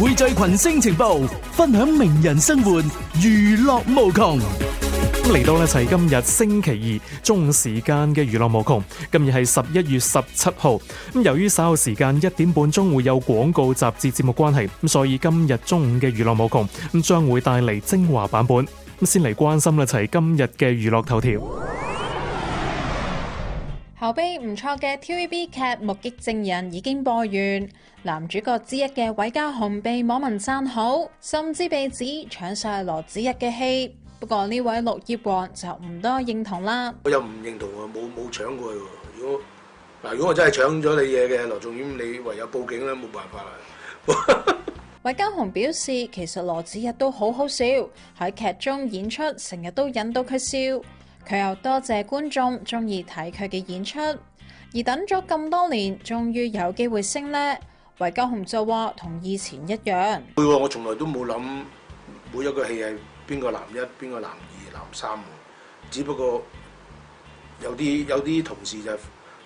匯聚群星情報，分享名人生活，娛樂無窮。嚟到咧，係今日星期二中午時間嘅娛樂無窮。今日係十一月十七號。咁由於稍後時間一點半鐘會有廣告、雜誌節目關係，咁所以今日中午嘅娛樂無窮咁將會帶嚟精華版本。咁先嚟關心咧，係今日嘅娛樂頭條。口碑唔錯嘅 TVB 劇《目擊證人》已經播完，男主角之一嘅韋家雄被網民讚好，甚至被指搶晒羅子溢嘅戲。不過呢位綠葉王就唔多認同啦。我又唔認同啊，冇冇搶過。如果嗱，如果我真係搶咗你嘢嘅羅仲謙，你唯有報警啦，冇辦法啦。 韋家雄表示，其實羅子溢都好好笑，喺劇中演出成日都引到佢笑。佢又多謝觀眾中意睇佢嘅演出，而等咗咁多年，終於有機會升呢。韋家雄就話：同以前一樣，唔，我從來都冇諗每一個戲係邊個男一、邊個男二、男三。只不過有啲有啲同事就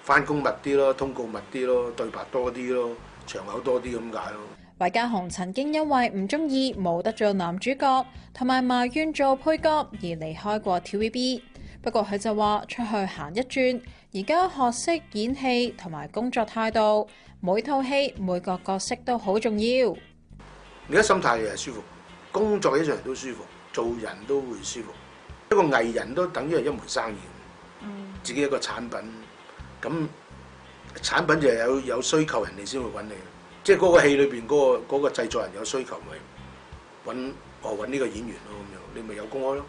翻工密啲咯，通告密啲咯，對白多啲咯，場口多啲咁解咯。韋家雄曾經因為唔中意冇得做男主角，同埋埋怨做配角而離開過 TVB。不過佢就話出去行一轉，而家學識演戲同埋工作態度，每套戲每個角色都好重要。而家心態又係舒服，工作起上嚟都舒服，做人都會舒服。一個藝人都等於係一門生意，嗯，自己一個產品，咁產品就有有需求，人哋先會揾你。即係嗰個戲裏邊嗰個嗰個製作人有需求，咪揾我揾呢個演員咯咁樣，你咪有工開咯。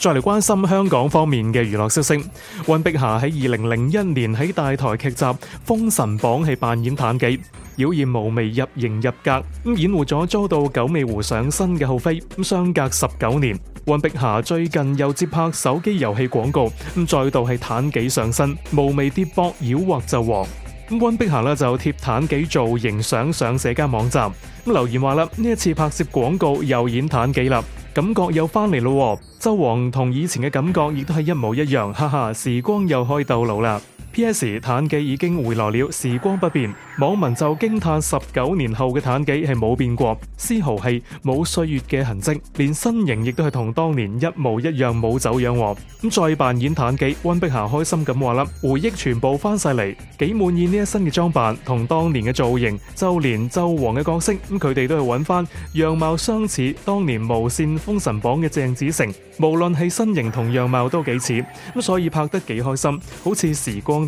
再嚟，關心香港方面嘅娛樂消息。溫碧霞喺二零零一年喺大台劇集《封神榜》係扮演妲己，妖艷無眉入型入格，咁演活咗捉到九尾狐上身嘅后妃。咁相隔十九年，溫碧霞最近又接拍手機遊戲廣告，咁再度係妲己上身，無眉跌膊，妖惑紂王。咁溫碧霞呢就貼妲己造型上上社交網站，咁留言話啦，呢一次拍攝廣告又演妲己啦。感覺又返嚟咯，周王同以前嘅感覺亦都係一模一樣，哈哈，時光又可以倒流啦。T.S. 妲己已經回來了，時光不變，網民就驚嘆十九年後嘅妲己係冇變過，絲毫係冇歲月嘅痕迹，連身形亦都係同當年一模一樣，冇走樣喎。咁再扮演妲己，溫碧霞開心咁話啦，回憶全部翻晒嚟，幾滿意呢一身嘅裝扮同當年嘅造型，就連紂王嘅角色，咁佢哋都係揾翻樣貌相似當年無線封神榜嘅鄭子誠，無論係身形同樣貌都幾似，咁所以拍得幾開心，好似時光。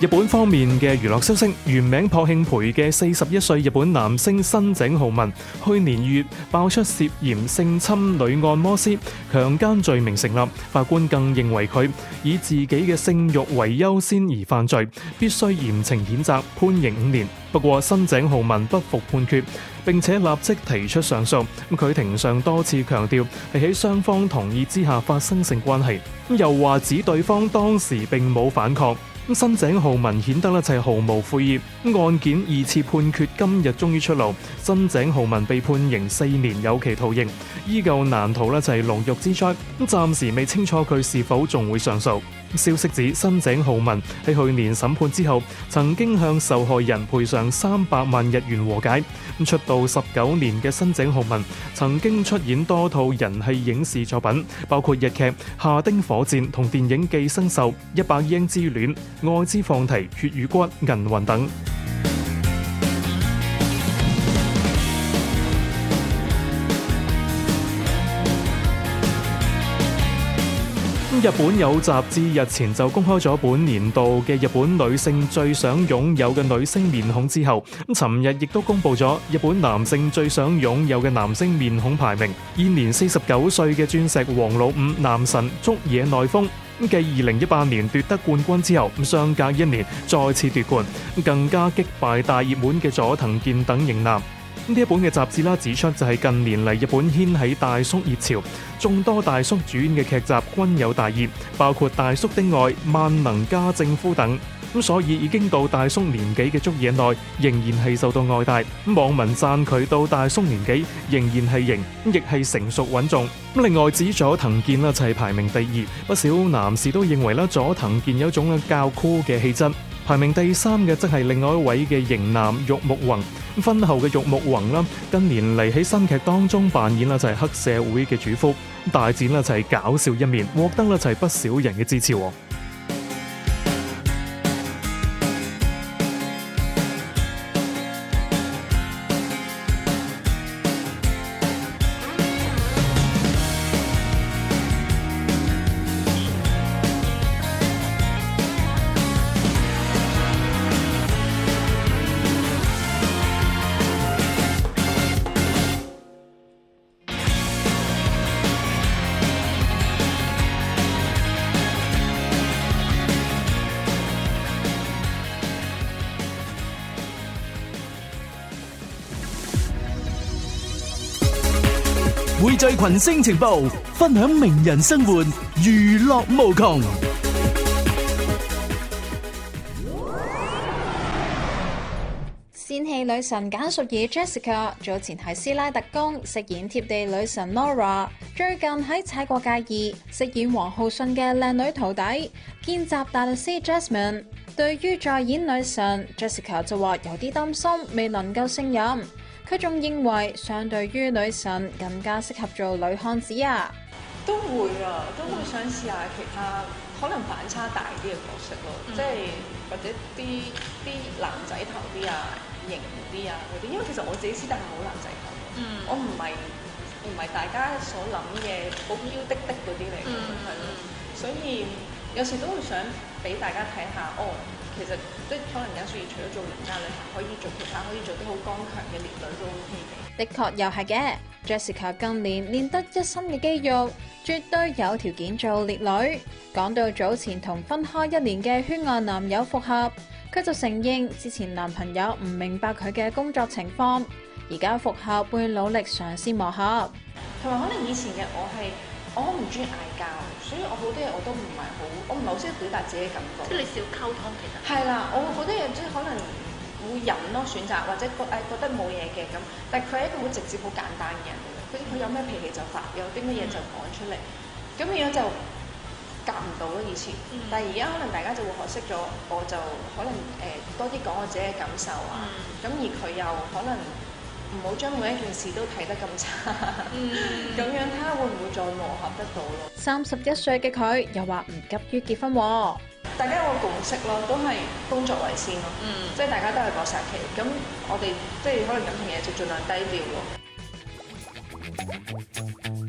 日本方面嘅娛樂消息，原名朴慶培嘅四十一歲日本男星新井浩文，去年二月爆出涉嫌性侵女按摩師，強姦罪名成立，法官更認為佢以自己嘅性慾為優先而犯罪，必須嚴懲譴責，判刑五年。不過，新井浩文不服判決，並且立即提出上訴。佢庭上多次強調係喺雙方同意之下發生性關係，又話指對方當時並冇反抗。咁新井浩文顯得咧就係毫無悔意。案件二次判決今日終於出爐，新井浩文被判刑四年有期徒刑，依舊難逃咧就係牢獄之災。咁暫時未清楚佢是否仲會上訴。消息指新井浩文喺去年審判之後，曾經向受害人賠償三百萬日元和解。咁出道十九年嘅新井浩文曾經出演多套人氣影視作品，包括日劇《下町火箭》同電影《寄生獸：一百英之戀》。外資放題、血與骨、銀魂等。日本有雜誌日前就公開咗本年度嘅日本女性最想擁有嘅女星面孔之後，尋日亦都公佈咗日本男性最想擁有嘅男星面孔排名，現年四十九歲嘅鑽石王老五男神竹野內豐繼二零一八年奪得冠軍之後，相隔一年再次奪冠，更加擊敗大熱門嘅佐藤健等型男。呢一本嘅雜誌啦，指出就係近年嚟，日本掀起大叔熱潮，眾多大叔主演嘅劇集均有大熱，包括《大叔的愛》、《萬能家政夫》等。咁所以已經到大叔年紀嘅竹野內仍然係受到愛戴，網民讚佢到大叔年紀仍然係型，亦係成熟穩重。咁另外，指佐藤健啦，就係排名第二，不少男士都認為啦，佐藤健有種啦較 cool 嘅氣質。排名第三嘅則係另外一位嘅型男玉木宏，婚後嘅玉木宏啦，近年嚟喺新劇當中扮演啦就係黑社會嘅主夫，大展啦就係搞笑一面，獲得啦就係不少人嘅支持。.聚群星情報，分享名人生活，娛樂無窮。仙氣女神簡淑兒 Jessica 早前係《斯拉特工》飾演貼地女神 Nora，最近喺《踩過界二》飾演王浩信嘅靚女徒弟兼見習大律師 Jasmine。對於在演女神 Jessica 就話有啲擔心，未能夠勝任。佢仲認為，相對於女神，更加適合做女漢子啊！都會啊，都會想試下其他，可能反差大啲嘅角色咯，即係、嗯、或者啲啲男仔頭啲啊，型啲啊嗰啲，因為其實我自己姿態係好男仔頭，嗯、我唔係唔係大家所諗嘅好嬌滴滴嗰啲嚟嘅，係咯，嗯、所以有時都會想俾大家睇下，哦，其實。即可能有時除咗做瑜伽，你係可以做其他，可以做啲好剛強嘅烈女都 OK 嘅。的確又係嘅，Jessica 今年練得一身嘅肌肉，絕對有條件做烈女。講到早前同分開一年嘅圈外男友復合，佢就承認之前男朋友唔明白佢嘅工作情況，而家復合會努力嘗試磨合。同埋可能以前嘅我係。我好唔中意嗌交，所以我好多嘢我都唔係好，我唔係好識表達自己嘅感覺。即係你少溝通，其實係啦，我好多嘢即係可能會忍咯，選擇或者覺誒覺得冇嘢嘅咁。但係佢係一個好直接、好簡單嘅人，佢佢有咩脾氣就發，有啲乜嘢就講出嚟。咁樣、嗯、就夾唔到咯，以前但係而家可能大家就會學識咗，我就可能誒、呃、多啲講我自己嘅感受啊。咁、嗯、而佢又可能。唔好將每一件事都睇得咁差，咁、mm hmm. 樣睇下會唔會再磨合得到咯。三十一歲嘅佢又話唔急於結婚喎。大家有個共識咯，都係工作為先咯。嗯、mm，hmm. 即係大家都係講曬期，咁我哋即係可能感情嘢就儘量低調喎。